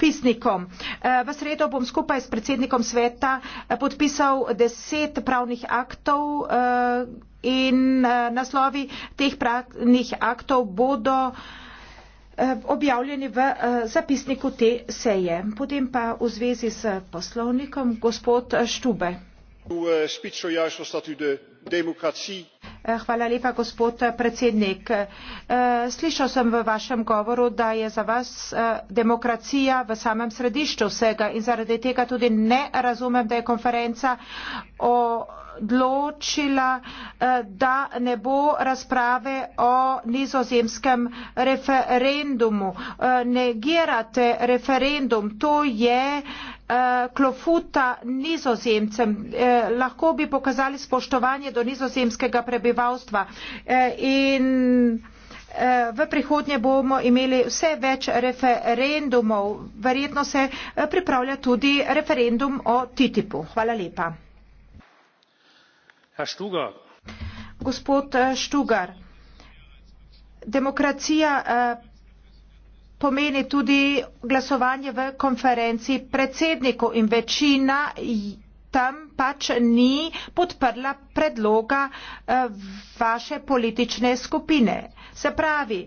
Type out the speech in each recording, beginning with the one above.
podpisnikom. Eh, v sredo bom skupaj s predsednikom sveta eh, podpisal deset pravnih aktov eh, in naslovi teh pravnih aktov bodo objavljeni v zapisniku te seje. Potem pa v zvezi s poslovnikom gospod Štube. Eh, hvala lepa, gospod eh, predsednik. Eh, slišal sem v vašem govoru, da je za vas demokracija v samem središču vsega in zaradi tega tudi ne razumem, da je konferenca o odločila, eh, da ne bo razprave o nizozemskem referendumu. Eh, negirate referendum, to je eh, klofuta nizozemcem. Lahko bi pokazali spoštovanje do nizozemskega prebivalstva. In V prihodnje bomo imeli vse več referendumov. Verjetno se pripravlja tudi referendum o TTIP-u. Hvala lepa gospod Štugar, eh, demokracija eh, pomeni tudi glasovanje v konferenci predsednikov in večina tam pač ni podprla predloga eh, vaše politične skupine. Se pravi,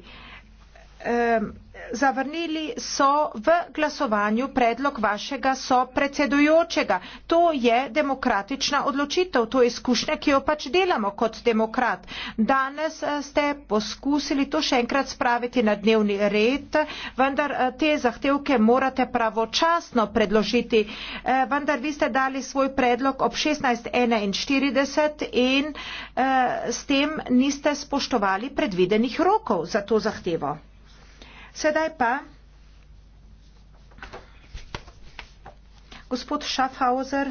zavrnili so v glasovanju predlog vašega sopredsedujočega. To je demokratična odločitev, to je izkušnja, ki jo pač delamo kot demokrat. Danes eh, ste poskusili to še enkrat spraviti na dnevni red, vendar eh, te zahtevke morate pravočasno predložiti. Eh, vendar vi ste dali svoj predlog ob 16.41 in s tem niste spoštovali predvidenih rokov za to zahtevo. Sedaj pa gospod Schaffhauser.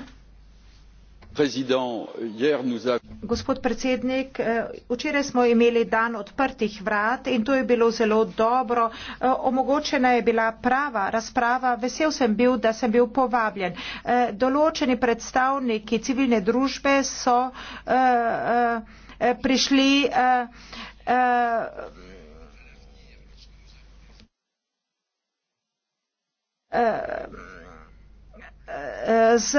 Gospod predsednik, eh, včeraj smo imeli dan odprtih vrat in to je bilo zelo dobro. Eh, omogočena je bila prava razprava. Vesel sem bil, da sem bil povabljen. Eh, določeni predstavniki civilne družbe so prišli z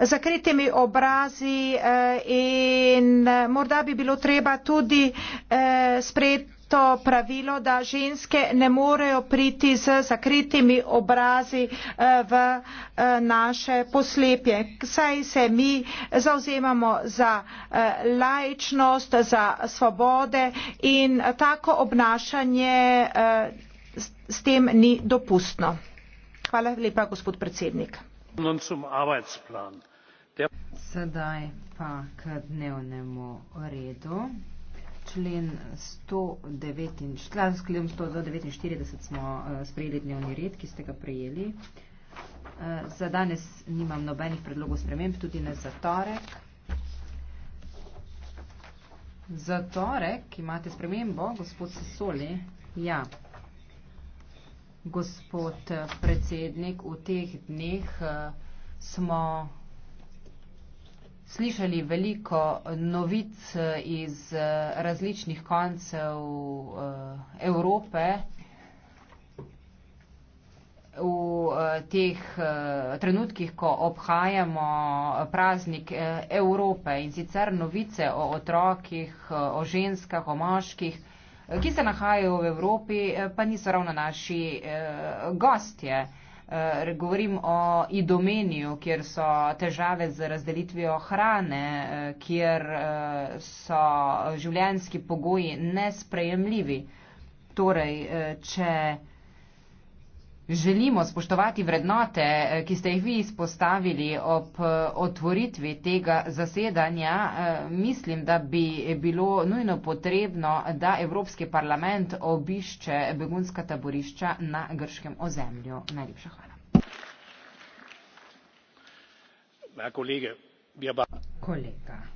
zakritimi obrazi eh, in morda bi bilo treba tudi eh, sprejeti to pravilo, da ženske ne morejo priti z zakritimi obrazi eh, v naše poslepje. Saj se mi zauzemamo za lajčnost, za svobode in tako obnašanje s tem ni dopustno. Hvala lepa, gospod predsednik. Sedaj pa k dnevnemu redu. Člen 149, 149 smo eh, sprejeli dnevni red, ki ste ga prejeli. Eh, za danes nimam nobenih predlogov sprememb, tudi ne za torek. Za torek imate spremembo, gospod Sesoli. Ja, gospod predsednik, v teh dneh eh, smo slišali veliko novic eh, iz eh, različnih koncev Evrope. V teh trenutkih, ko obhajamo praznik Evrope in sicer novice o otrokih, o ženskah, o moških, ki se nahajajo v Evropi, eh, pa niso ravno naši eh, gostje. Eh, govorim o idomeniju, kjer so težave z razdelitvijo hrane, kjer so življenjski pogoji nesprejemljivi. Torej, če želimo spoštovati vrednote, eh, ki ste jih vi izpostavili ob eh, otvoritvi tega zasedanja, eh, mislim, da bi bilo nujno potrebno, da Evropski parlament obišče begunska taborišča na grškem ozemlju. Najlepša hvala. Ja, Kolega,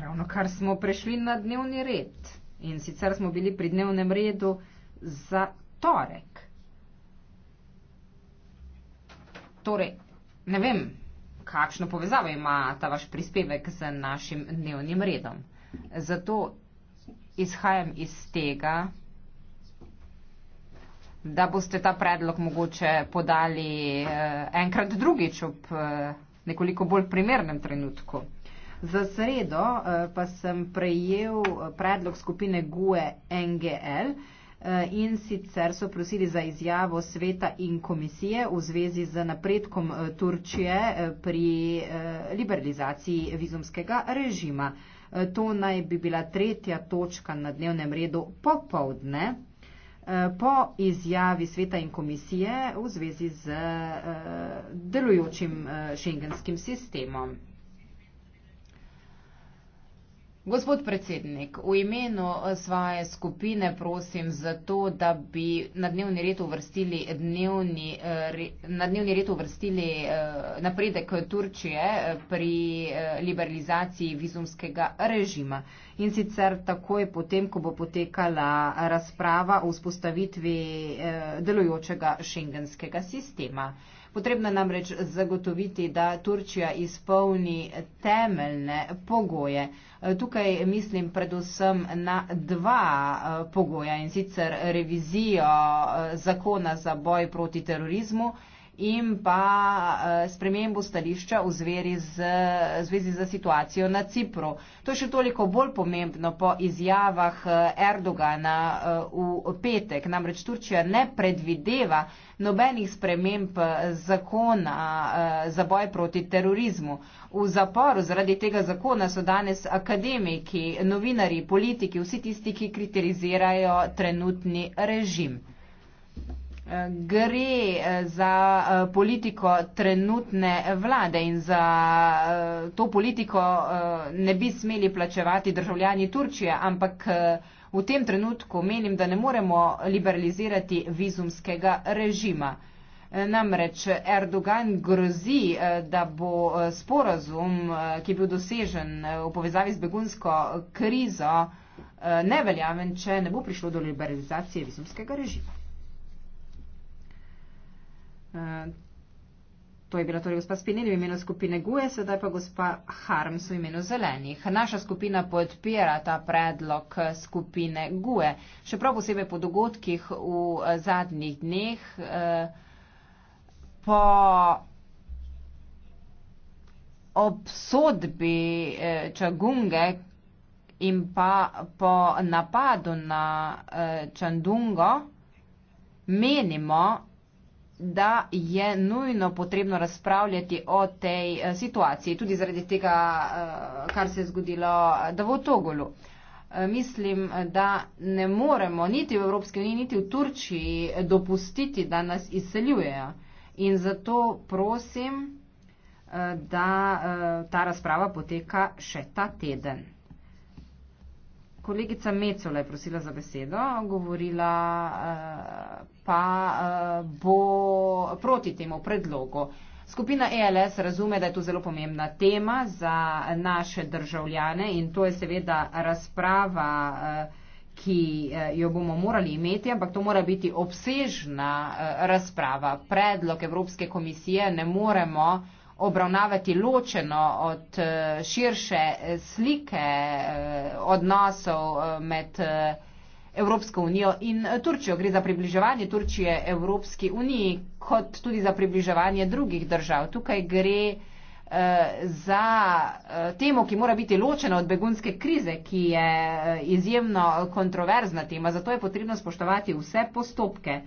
ravno kar smo prešli na dnevni red in sicer smo bili pri dnevnem redu za torek. Torej, ne vem, kakšno povezavo ima ta vaš prispevek z našim dnevnim redom. Zato izhajam iz tega, da boste ta predlog mogoče podali eh, enkrat drugič ob eh, nekoliko bolj primernem trenutku. Za sredo eh, pa sem prejel predlog skupine GUE NGL, Eh, in sicer so prosili za izjavo sveta in komisije v zvezi z napredkom eh, Turčije eh, pri liberalizaciji vizumskega režima. To naj bi bila tretja točka na dnevnem redu popovdne. Po izjavi sveta in komisije v zvezi z delujočim šengenskim sistemom. Gospod predsednik, v imenu eh, svoje skupine prosim za to, da bi na dnevni red uvrstili, dnevni, eh, na dnevni red uvrstili eh, napredek Turčije pri liberalizaciji vizumskega režima. In sicer takoj potem, ko bo potekala razprava o vzpostavitvi delujočega šengenskega sistema. Potrebno namreč zagotoviti, da Turčija izpolni temeljne pogoje. Tukaj tukaj mislim predvsem na dva eh, pogoja in sicer revizijo eh, zakona za boj proti terorizmu in pa eh, spremembo stališča v zveri z, zvezi za situacijo na Cipru. To je še toliko bolj pomembno po izjavah eh, Erdogana eh, v petek. Namreč Turčija ne predvideva nobenih sprememb zakona za boj proti terorizmu. V zaporu zaradi tega zakona so danes akademiki, novinari, politiki, vsi tisti, ki kritizirajo trenutni režim gre eh, za eh, politiko trenutne vlade in za eh, to politiko ne bi smeli plačevati državljani Turčije, ampak v tem trenutku menim, da ne moremo liberalizirati vizumskega režima. Namreč Erdogan grozi, da bo sporazum, ki je bil dosežen v povezavi z begunsko krizo, neveljaven, če ne bo prišlo do liberalizacije vizumskega režima. To je bila torej gospa Spinel v imenu skupine Guje, sedaj pa gospa Harms v imenu Zelenih. Naša skupina podpira ta predlog skupine Guje. Še prav posebej po dogodkih v eh, zadnjih dneh, eh, po obsodbi eh, Čagunge in pa po napadu na Čandungo, menimo, da je nujno potrebno razpravljati o tej eh, situaciji, tudi zaradi tega, eh, kar se je zgodilo, eh, da bo to golo. Mislim, da ne moremo niti v Evropski uniji, niti v Turčiji dopustiti, da nas izseljujejo. In zato prosim, da ta razprava poteka še ta teden. Kolegica Mecola je prosila za besedo, govorila pa bo proti temu predlogu. Skupina ELS razume, da je to zelo pomembna tema za naše državljane in to je seveda razprava, eh, ki eh, jo bomo morali imeti, ampak to mora biti obsežna eh, razprava. Predlog Evropske komisije ne moremo obravnavati ločeno od širše slike odnosov med državami. Evropsko unijo in eh, Turčijo. Gre za približevanje Turčije Evropski uniji, kot tudi za približevanje drugih držav. Tukaj gre eh, za eh, temo, ki mora biti ločena od begunske krize, ki je izjemno kontroverzna tema. Zato je potrebno spoštovati vse postopke.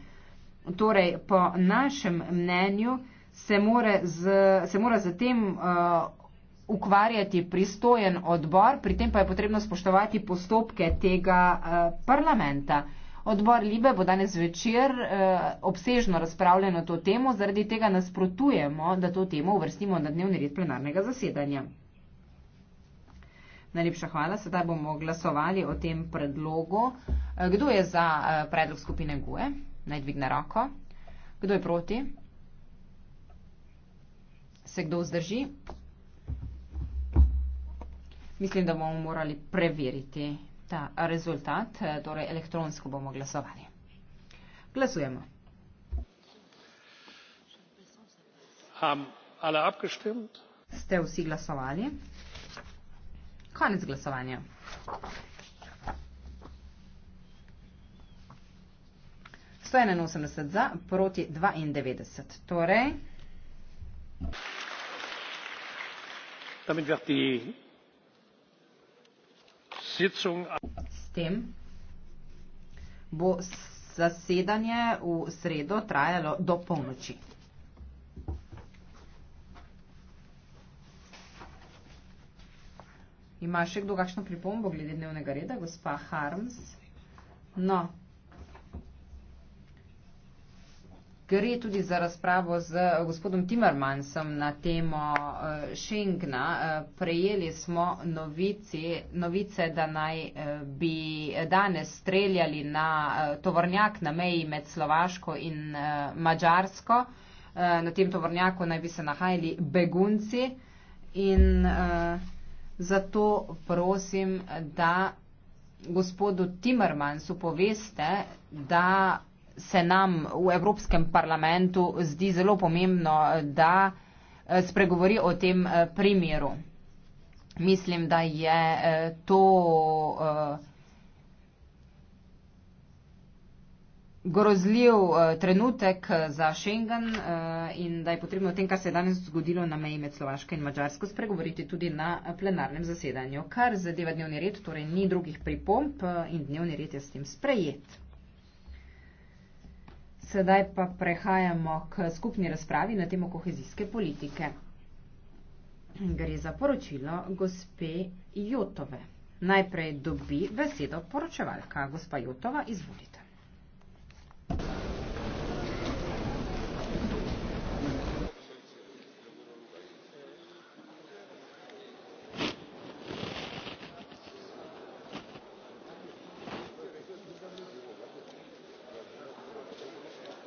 Torej, po našem mnenju se mora z, se mora z tem uh, ukvarjati pristojen odbor, pri tem pa je potrebno spoštovati postopke tega eh, parlamenta. Odbor Libe bo danes večer eh, obsežno razpravljal na to temo, zaradi tega nasprotujemo, da to temo uvrstimo na dnevni red plenarnega zasedanja. Najlepša hvala, sedaj bomo glasovali o tem predlogu. Eh, kdo je za predlog skupine GUE? Naj dvigne roko. Kdo je proti? Se kdo vzdrži? Mislim, da bomo morali preveriti ta rezultat, eh, torej elektronsko bomo glasovali. Glasujemo. Ste vsi glasovali? Konec glasovanja. To je 81 za, proti 92. Torej. Damit wird die S tem bo zasedanje v sredo trajalo do polnoči. Ima še kdo kakšno pripombo glede dnevnega reda, gospa Harms? No, gre tudi za razpravo z eh, gospodom Timmermansom na temo eh, Schengna. Eh, prejeli smo novici, novice, da naj bi danes streljali na tovornjak na meji med Slovaško in Mačarsko. Na tem tovornjaku naj bi se nahajali begunci in zato prosim, da gospodu Timmermansu poveste, da se nam v Evropskem parlamentu zdi zelo pomembno, da eh, spregovori o tem eh, primeru. Mislim, da je eh, to grozljiv trenutek za Schengen in da je potrebno o tem, kar se je danes zgodilo na meji med Slovaško in Mačarsko, spregovoriti tudi na plenarnem zasedanju. Kar zadeva dnevni red, torej ni drugih pripomp in dnevni red je s tem sprejet. Sedaj pa prehajamo k skupni razpravi na temo kohezijske politike. Gre za poročilo gospe Jotove. Najprej dobi besedo poročevalka. Gospa Jotova, izvolite.